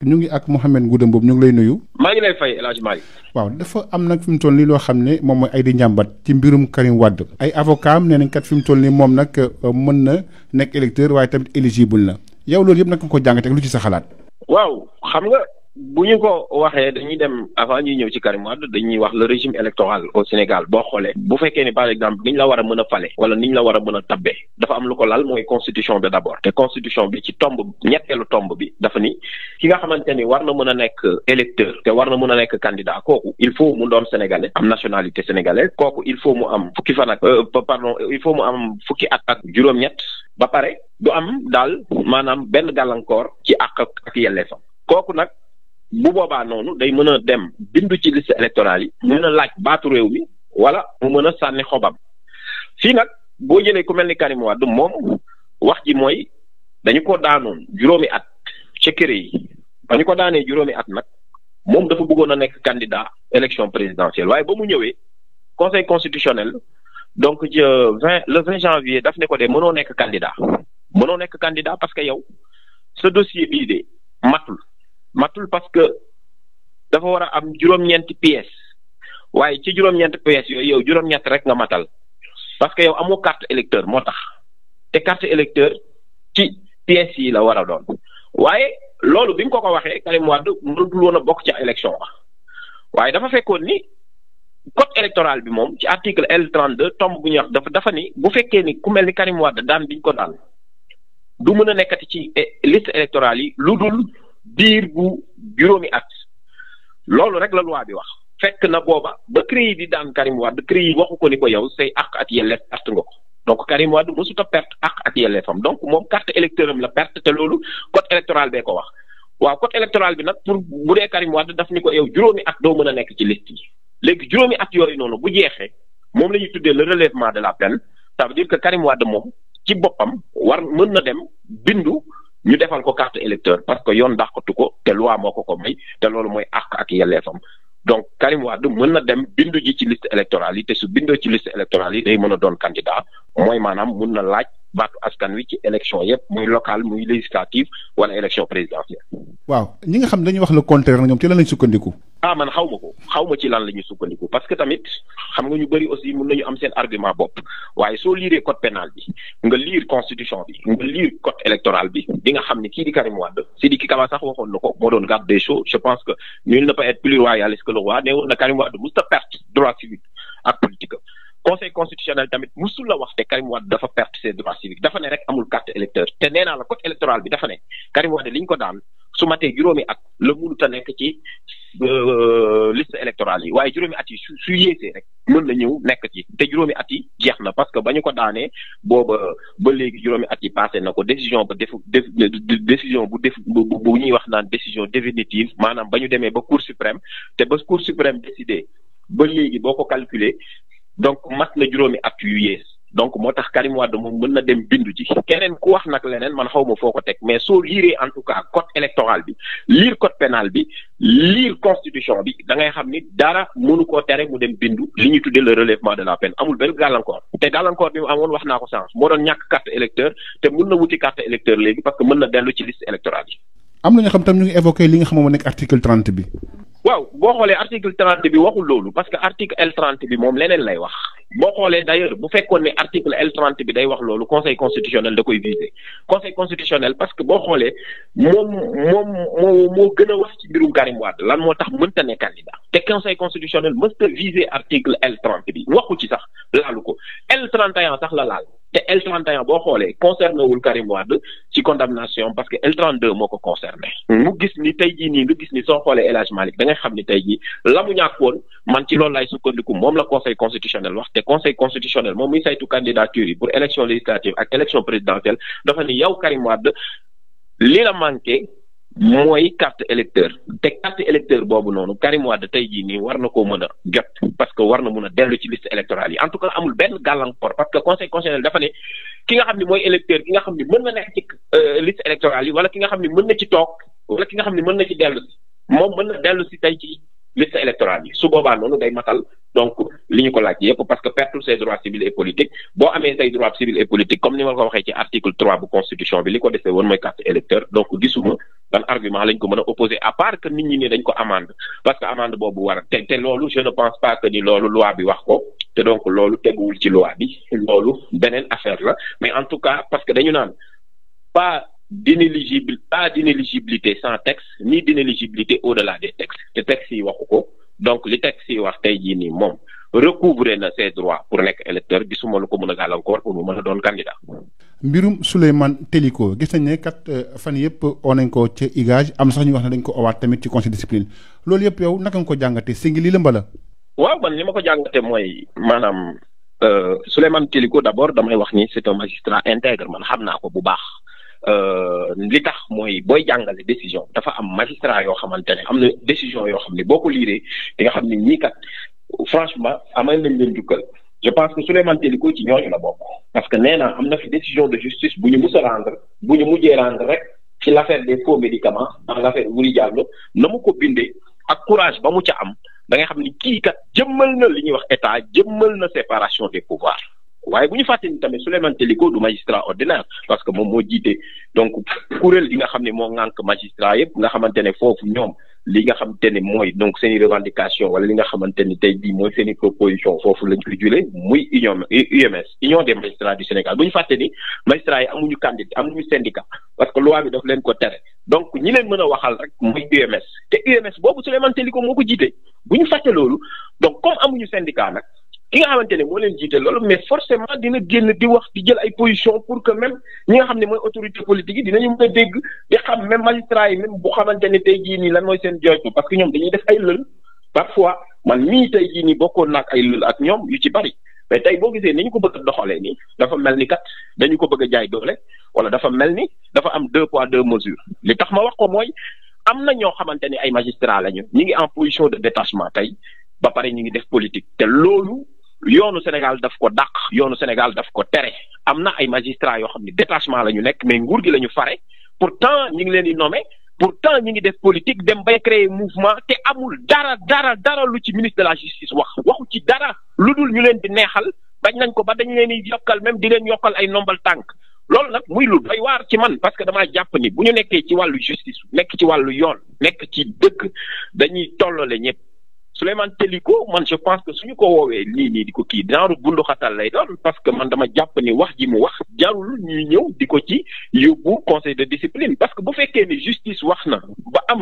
ñu ngi ak Mouhamed Ngouda Mboup ñu ngi lay nuyu. maa ngi lay fay El waaw dafa am nag fi mu toll nii loo xam ne moom mooy ay di njàmbat ci mbirum Karim Wade. ay avocat am nee kat fi mu toll nii moom nag euh, mën na nekk électeur waaye tamit éligible na yow loolu yëpp nag nga ko jàngatee lu ci sa xalaat. waaw xam nga. bu ñu ko waxee dañuy dem avant ñuy ñëw ci Karim dañuy wax le régime électoral au Sénégal boo xoolee bu fekkee ni par exemple niñ la war a mën a fale wala niñ la war a tabe a dafa am lu ko lal mooy constitution bi d'abord te constitution bi ci tomb ñetteelu tomb bi dafa ni ki nga xamante ni war na mën a nekk électeur te war na mën a nekk candidat kooku il faut mu doom sénégalais am nationalité sénégalaise kooku il faut mu am fukki fan ak euh, pardon il faut mu am fukki at ak juróom ba pare du am daal maanaam benn gàllankoor ci ak yelleefam kooku bu boobaa noonu day mën a dem bindu ci liste électorale yi. mën a laaj baatu réew mi. wala mu mën a sànni xobam. fii nag boo jëlee ku mel ni Karim Wade moom wax ji mooy dañu ko daanoon juróomi at ca kër yi dañu ko daanee juróomi at nag moom dafa bëggoon a nekk candidat élection présidentielle waaye ba mu ñëwee conseil constitutionnel donc je euh, vingt le vingt janvier daf ne ko de mënoo nekk candidat mënoo nekk candidat parce que yow sa dossier bii de matul. matul parce que dafa war a am juróom-ñeenti pièces waaye ci juróom-ñeenti pièces yooyu yow juróom-ñett rek nga matal parce que yow amoo carte électeur moo tax te carte électeur ci pièces yi la war a doon waaye loolu bi mu ko ko waxee Karim Wade mënatul woon a bokk ci élection wax waaye dafa fekkoon ni code électoral bi moom ci article L32 tomb bu ñuy dafa dafa ni bu fekkee ni ku mel ni Karim Wade daan biñ ko daan du mën a nekkati ci eh, liste électorale yi lu dul. diir bu juróomi at loolu rek la loi bi wax fekk na booba ba CREI di daan Karim Wade CREI waxu ko ni ko yow say àq at yelleef perte nga ko donc Karim Wade mosut a perte ak at yelleefam donc moom carte électeur am la perte te loolu code électoral bee ko wax waaw code électoral bi nag pour bu dee Karim Wade daf ni ko yow juróomi at doo mën a nekk ci liste yi léegi juróomi at yooyu noonu bu jeexee moom la ñuy tuddee le relèvement de la peine ça veut dire que Karim moom ci boppam war mën na dem bindu. ñu defal ko carte électeur parce que yoon dàqatu ko te loi moo ko ko may te loolu mooy àq ak yelleefam donc Karim Wade mën na dem bindu ji ci liste électorale yi te su bindoo ci liste électorale yi day mën a doon candidat mooy maanaam mën na laaj. baatu askan wi ci élection yëpp muy local muy législative wala élection présidentielle. waaw ñi nga xam dañuy wax le contraire ñoom ci lan lañ sukkandiku. ah man xaw ma ko xaw ma ci lan la ñuy sukkandiku parce que tamit xam nga ñu bëri aussi mun ñu am seen argument bopp waaye soo liiree code pénal bi nga liir constitution bi nga liir code électoral bi di nga xam ni kii di Karim Wade Sidiki Kaba sax waxoon na ko moo doon garde des Sceaux je pense que nul conseil constitutionnel tamit musul la wax te Karim Wade dafa perte ses droits civiques dafa ne rek amul carte électeur te nee naa la code électoral bi dafa ne Karim Wade li ñu ko daan su matee juróomi at la mënut a nekk ci euh, liste électorale yi waaye juróomi at yi su su rek mën na ñëw nekk ci te juróomi at yi jeex na parce que ba ñu ko daanee booba ba léegi juróomi at yi passé na ko décision ba def décision bu def bu ñuy wax naan décision définitive maanaam ba ñu demee ba cour suprême te ba cour suprême décidé ba léegi boo ko calculer donc mat na juróomi at yu yées donc moo tax Karim Wade moom mën na dem bindu ji keneen ku wax nag leneen man xaw ma foo ko teg mais soo liiree en tout cas code électoral bi liir code pénal bi liir constitution bi da ngay xam ni dara mënu koo tere mu dem bindu li ñuy tuddee le relèvement de la peine amul benn gàllankoor te gàllankoor bi mu amoon wax naa ko sens moo doon ñàkk carte électeur te mën na wuti carte électeur léegi parce que mën na dellu ci liste électorale yi. am na ñoo xam li bi. waaw boo xoolee article trente bi waxul loolu parce que article L trente bi moom leneen lay wax boo xoolee d'ailleurs bu fekkoon ne article L trente bi day wax loolu conseil constitutionnel da koy viser conseil constitutionnel parce que boo xoolee moom moom moo moo gën a wax ci mbirum Karim Wade lan moo tax mënta ne candidat te conseil constitutionnel mësta viser article L trente bi waxu ci sax laalu ko L trente et sax la laal te L trente et un boo xoolee concerné wul Karim Wade ci condamnation parce que L trente moo ko concerné. Hmm. mu gis ni tey jii nii gis ni soo xoolee El Hadj ne xam ni tey jii la mu ñàkk woon man ci loolu laay sukkandiku moom la conseil constitutionnel wax te conseil constitutionnel moom muy saytu candidature yi pour élection législative ak élection présidentielle dafa ni yow Karim Wade li la manqué mooy carte électeur te carte électeur boobu noonu Karim Wade tey jii nii war na koo mën a jot parce que war na mën a dellu ci liste électorale yi en tout cas amul benn gàllankoor parce que conseil constitutionnel dafa ne ki nga xam ne mooy électeur ki nga xam ne mën na euh, ki nga xam ne mën na ci toog wala moom mën na dellu si tey ci liste électorale yi su boobaa noonu day matal donc li ñu ko laaj yëpp parce que perte ses droits civils et politiques boo amee say droits civils et politiques comme ni ma ko waxee ci article trois bu constitution bi li ko desee woon mooy carte électeur donc gisuma ban argument lañ ko mën opposé à part que nit ñi dañ ko amende parce que amende boobu war te te loolu je ne pense pas que ni loolu loi bi wax ko te donc loolu teguwul affaire la mais en tout cas parce que dañu naan d'inéligible pas d'inéligibilité sans texte ni d'inéligibilité au-delà des textes te textes yi waxu ko donc li textes yi wax tey jii nii moom recouvrer na ses droits pour nekk électeur gisuma lu ko mën a gàllankoor pour mu mën a doon candidat. mbirum Souleymane Teliko gis nañ ne kat euh, fan yëpp oo nañ ko ci IGAJ am sax ñuy wax ne dañ ko owaat tamit ci conseil discipline loolu yëpp yow naka nga ko jàngatee singi lii la mbala. waaw man li ma ko jàngatee mooy maanaam euh, Souleymane Teliko d'abord damay wax ni c'est un magistrat intègre man xam naa ko bu baax. Euh, li tax mooy booy jàngale décision dafa am magistrat yoo xamante ne am na décision yoo xam ne boo ko liiree di nga xam ne ñii kat franchement amal nañ leen jukkal je pense que Souleymane Téliko ci ñooñu la bokk. parce que nee naa am na fi décision de justice bu ñu mus a rendre bu ñu mujjee rendre rek ci l' affaire des faux médicaments dans l' affaire Wuri Diallo na mu ko bindee ak courage ba mu ca am da nga xam ni kiikat kat jëmmal na li ñuy wax état jëmmal na séparation des pouvoirs. waaye bu ñu fàtte ni tamit Souleymane Teliko du magistrat ordinaire parce que moom moo jiite donc kuréel yi nga xam ne moo ŋànk magistrat yëpp nga xamante ne foofu ñoom li nga xamante ne mooy donc seen i revendication wala li nga xamante ni tey jii mooy seeni i proposition foofu lañ koy jule muy union UMS union des magistrats du Sénégal bu ñu fàtte ni magistrats yi amuñu candidat amuñu syndicat parce que loi bi daf leen ko tere donc ñi leen mën a waxal rek mooy UMS te UMS boobu Souleymane Teliko moo ko jiite bu ñu fàtte loolu donc comme amuñu syndicat nag. ki nga xamante ne moo leen jiite loolu mais forcément dina génn di wax di jël ay position pour que même ñi nga xam ne mooy autorité politique yi dinañu mën a dégg di xam même magistrat yi même bu xamante ne tey jii nii lan mooy seen jooytu parce que ñoom dañuy def ay lël parfois man mii tey jii nii bokkoon naak ay lël ak ñoom yu ci bari mais tey boo gisee ni ñu ko bëgg a doxalee nii dafa mel ni kat dañu ko bëgg a jaay doole wala dafa mel ni dafa am deux poids deux mesures li tax ma wax ko mooy am na ñoo xamante ne ay magistrat lañu ñu ngi en position de détachement tey ba pare ñu ngi def politique te loolu yoonu Sénégal daf ko dàq yoonu Sénégal daf ko tere am na ay magistrats yoo xam ne détachement la ñu nekk mais nguur gi la ñu fare pourtant ñi ngi leen di nommer pourtant ñi ngi def politique dem bay créer mouvement te amul dara dara dara lu ci ministre de la justice wax waxu ci dara lu dul ñu leen di neexal bañ nañ ko ba dañ leen di yokkal même di leen yokkal ay nombal tànk loolu nag muy lu doy waar ci man parce que damaa jàpp ni bu ñu nekkee ci wàllu justice nekk ci wàllu yoon nekk ci dëgg dañuy tollale ñëpp. Souleymane Teliko man je pense que su ñu ko woowee nii nii di ko kii genre bundu xatal lay doon parce que man dama jàpp ni wax ji mu wax jarul ñu ñëw di ko ci yóbbu conseil de discipline parce que bu fekkee ni justice wax na ba am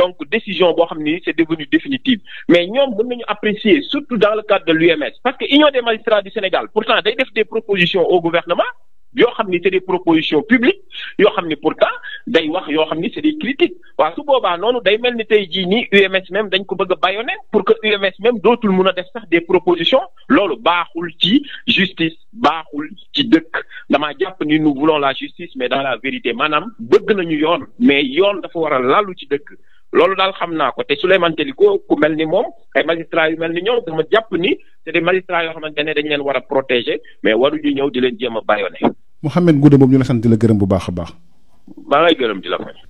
donc décision boo xam ni c'est devenu définitive mais ñoom na nañu apprécier surtout dans le cadre de l'UMS parce que Union des magistrats du Sénégal pourtant day def des propositions au gouvernement yoo xam ni c'est des propositions publique yoo xam ni pourtant day wax yoo xam ni c'est des critiques waaw su boobaa noonu day mel ni tey jii nii UMS même dañ ko bëgg a bâillonné pour que UMS même dootul mun a def sax des propositions loolu baaxul ci justice baaxul ci dëkk damaa jàpp ni nous voulons la justice mais dans la vérité maanaam bëgg nañu yoon mais yoon dafa war a lalu ci dëkk loolu daal xam naa ko te Souleymane Teliko ku mel ni moom ay magistrats yu mel ni ñoom dama jàpp ni c'est des magistrats yoo xamante ne dañ leen war a protéger mais waruñu ñëw di leen jéem a bâillonné. Mouhamed Ngouda boobu ñu la sant di la gërëm bu baax a baax. maa ngay gërëm di la fay.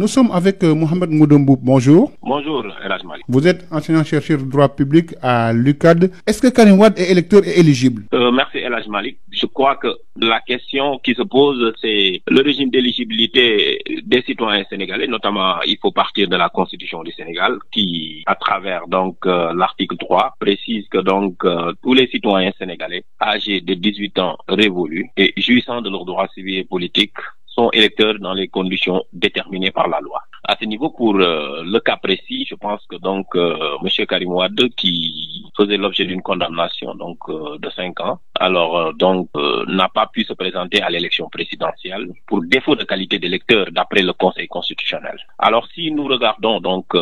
Nous sommes avec euh, Mohamed Moudombou. Bonjour. Bonjour, Elas Mali. Vous êtes enseignant-chercheur droit public à l'UCAD. Est-ce que Karim Wad est électeur et éligible euh, Merci, Elas Malik. Je crois que la question qui se pose, c'est le régime d'éligibilité des citoyens sénégalais. Notamment, il faut partir de la Constitution du Sénégal qui, à travers donc euh, l'article 3, précise que euh, tous les citoyens sénégalais âgés de 18 ans révolus et jouissant de leurs droits civils et politiques sont électeurs dans les conditions déterminées par la loi. À ce niveau, pour euh, le cas précis, je pense que donc euh, Monsieur Karim Wade, qui faisait l'objet d'une condamnation donc euh, de cinq ans, alors euh, donc euh, n'a pas pu se présenter à l'élection présidentielle pour défaut de qualité d'électeur d'après le Conseil constitutionnel. Alors si nous regardons donc euh,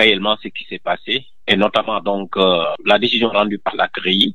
réellement ce qui s'est passé et notamment donc la décision rendue par la CRI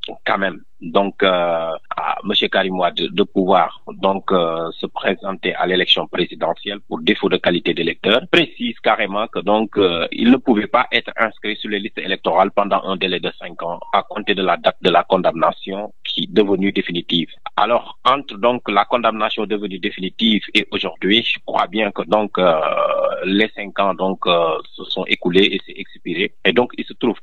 quand même donc euh, à monsieur Karim Wade de pouvoir donc euh, se présenter à l'élection présidentielle pour défaut de qualité d'électeur précise carrément que donc euh, il ne pouvait pas être inscrit sur les listes électorales pendant un délai de cinq ans à compter de la date de la condamnation qui devenue définitive alors entre donc la condamnation devenue définitive et aujourd'hui je crois bien que donc les cinq ans se sont écoulés et c'est expiré et donc il se trouve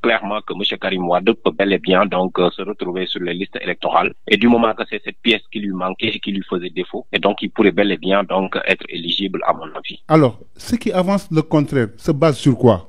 retrouver sur les listes électorales. Et du moment que c'est cette pièce qui lui manquait et qui lui faisait défaut, et donc il pourrait bel et bien donc être éligible à mon avis. Alors, ceux qui avancent le contraire se basent sur quoi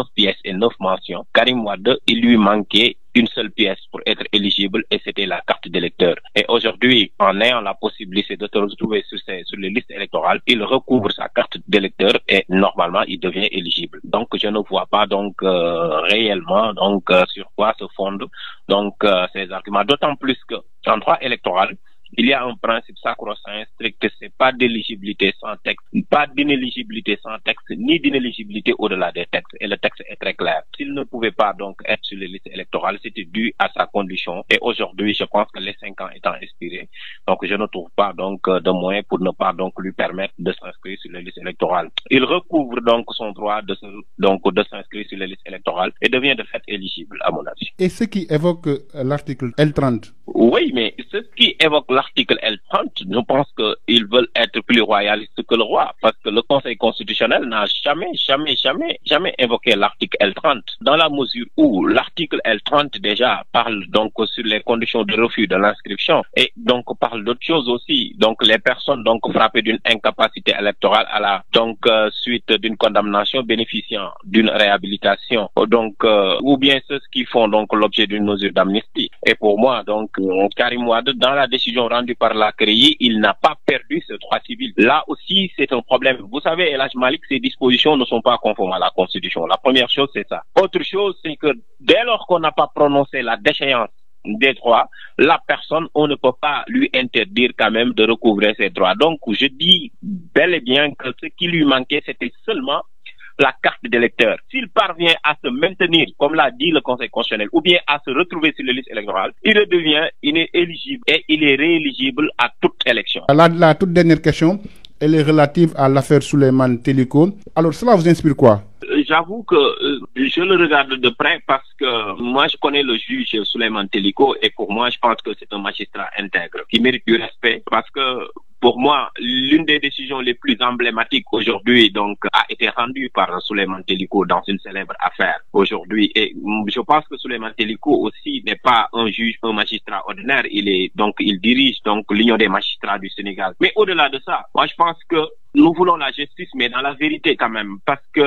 neuf pièces et neuf mentions. Karim Wade, il lui manquait une seule pièce pour être éligible et c'était la carte d'électeur. Et aujourd'hui, en ayant la possibilité de se retrouver sur, les listes électorales, il recouvre sa carte d'électeur et normalement il devient éligible. Donc je ne vois pas euh, réellement euh, sur quoi se fondent donc euh, arguments. D'autant plus que électoral, il y a un principe sacro-saint strict, c'est pas d'éligibilité sans texte, pas d'inéligibilité sans texte, ni d'inéligibilité au-delà des textes. Et le texte est très clair. S'il ne pouvait pas donc être sur les listes électorales, c'était dû à sa condition. Et aujourd'hui, je pense que les cinq ans étant expirés, donc je ne trouve pas donc euh, de moyen pour ne pas donc lui permettre de s'inscrire sur les listes électorales. Il devient de fait éligible à mon l'article L30, je pense qu'ils veulent être plus royalistes que le roi, parce que le Conseil constitutionnel n'a jamais, jamais, jamais, jamais invoqué l'article L30, dans la mesure où l'article l déjà parle donc sur les conditions de refus de l'inscription et donc parle d'autres choses aussi. Donc les personnes donc frappées d'une incapacité électorale à la donc euh, suite d'une condamnation bénéficiant d'une réhabilitation, euh, donc euh, ou bien ceux qui font donc l'objet d'une mesure d'amnistie. donc euh, Karim rendu par la CREI, il n'a pas perdu ce droit civil. Là aussi, c'est un problème. Vous savez, El Hadj Malick, dispositions ne sont pas conformes à la Constitution. La première chose, c'est ça. Autre chose, c'est que dès lors qu'on n'a pas prononcé la déchéance des droits, la personne, on ne peut pas lui interdire quand même de recouvrer ses droits. Donc, je dis bel et bien que ce qui lui manquait, c'était seulement la carte d'électeur, s'il parvient à se maintenir, comme l'a dit le Conseil ou bien à se retrouver sur les listes électorales, il redevient inéligible et il est rééligible à toute élection. La, la toute dernière question, elle est relative à l'affaire Souleymane Teliko. Alors, cela vous inspire quoi euh, que euh, je le regarde de près parce que moi, je connais le juge Souleymane Teliko et pour moi, je pense que c'est un magistrat intègre qui mérite du respect parce que Pour moi, l'une des décisions les plus emblématiques aujourd'hui, donc, a été rendue par Souleymane Teliko dans une célèbre affaire aujourd'hui. Et je pense que Souleymane Teliko aussi n'est pas un juge, un magistrat ordinaire. Il dirige, donc, l'Union des magistrats du Sénégal. Mais au-delà de ça, je pense que nous voulons la justice, mais dans la vérité quand même, parce que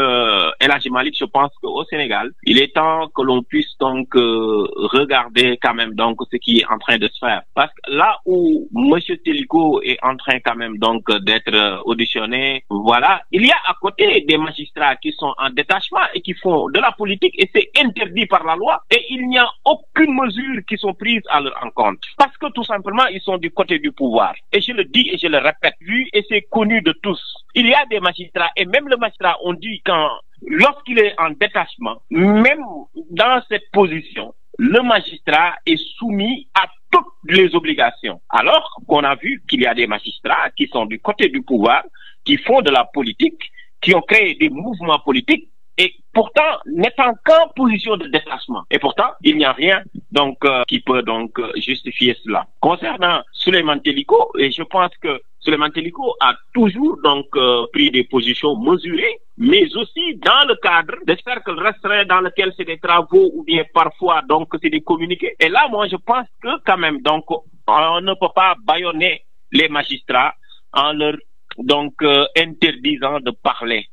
El je pense qu'au Sénégal, il est temps que l'on puisse donc euh, regarder quand même donc ce qui est en train de se faire, parce que là où Monsieur Teliko train quand même donc euh, d'être euh, auditionné. Voilà, il y a à côté des magistrats qui sont en détachement et qui font de la politique et c'est interdit par la loi et il n'y a aucune mesure qui sont prises à leur encontre parce que tout simplement ils sont du côté du pouvoir. Et je le dis et je le répète, vu et c'est connu de tous. Il y a des magistrats et même le magistrat on dit quand lorsqu'il est en détachement, même dans cette position, le magistrat est soumis à toutes les obligations. Alors qu'on a vu qu'il y a des magistrats qui sont du côté du pouvoir, qui font de la politique, qui ont créé des mouvements politiques et pourtant n'étant qu'en position de déplacement. Et pourtant, il n'y a rien euh, qui peut donc euh, justifier cela. Concernant Suleiman Teliko, et je pense que Souleymane Teliko a toujours donc euh, pris des positions mesurées, mais aussi dans le cadre de cercles restreints dans lequel c'est des travaux ou bien parfois donc c'est des communiqués. Et là, moi, je pense que quand même, donc, on ne peut pas bâillonner les magistrats en leur donc euh, interdisant de parler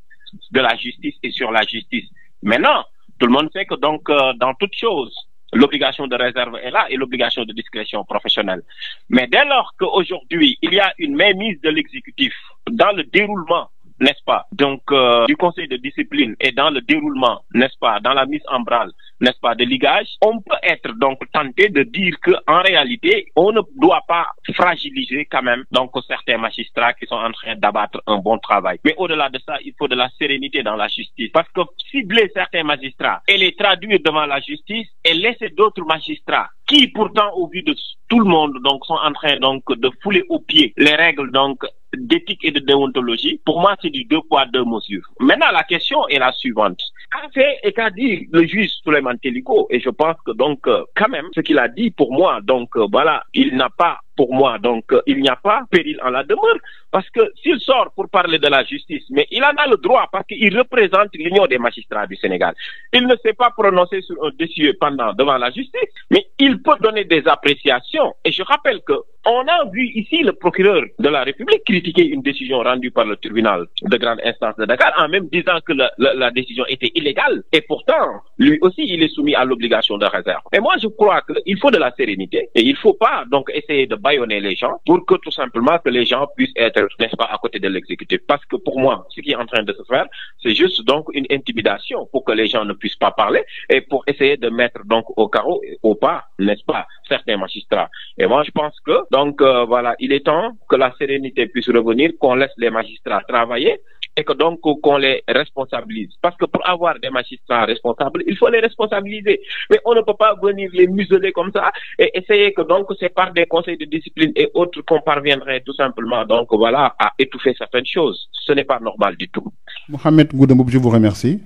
de la justice et sur la justice. Maintenant, tout le monde sait que donc euh, dans toute chose, l'obligation de réserve est là et l'obligation de discrétion professionnelle. Mais dès lors qu'aujourd'hui, il y a une mainmise de l'exécutif dans le déroulement n'est-ce pas Donc, euh, du conseil de discipline et dans le déroulement, n'est-ce pas, dans la mise en branle, n'est-ce pas, de ligage, on peut être donc tenté de dire que en réalité, on ne doit pas fragiliser quand même donc certains magistrats qui sont en train d'abattre un bon travail. Mais au-delà de ça, il faut de la sérénité dans la justice, parce que cibler certains magistrats et les traduire devant la justice et laisser d'autres magistrats qui pourtant au vu de tout le monde donc sont en train donc de fouler aux pieds les règles donc d'éthique et de déontologie, pour moi, c'est du deux poids, deux mesures. Maintenant, la question est la suivante. Qu'a fait et qu'a dit le juge Souleymane Et je pense que donc, euh, quand même, ce qu'il a dit pour moi, donc, euh, voilà, il n'a pas pour moi. Donc, euh, il n'y a pas péril en la demeure, parce que s'il sort pour parler de la justice, mais il en a le droit, parce qu'il représente l'Union des magistrats du Sénégal. Il ne s'est pas prononcé sur un dossier pendant devant la justice, mais il peut donner des appréciations. Et je rappelle que On a vu ici le procureur de la République critiquer une décision rendue par le tribunal de grande instance de Dakar en même disant que la, la, la décision était illégale et pourtant, lui aussi, il est soumis à l'obligation de réserve. Et je crois qu'il faut de la sérénité et il faut pas donc essayer de bâillonner les gens pour que tout simplement que les gens puissent être, n'est-ce pas, à côté de l'exécutif. Parce que pour moi, ce qui est en train de se faire, Donc euh, voilà, il est temps que la sérénité puisse revenir, qu'on laisse les magistrats travailler et que donc qu'on les responsabilise. Parce que pour avoir des magistrats responsables, il faut les responsabiliser. Mais on ne peut pas venir les museler comme ça et essayer que donc c'est par des conseils de discipline et autres qu'on parviendrait tout simplement donc à étouffer certaines choses. Ce n'est pas normal du tout. Mohamed Goudamoub, je vous remercie.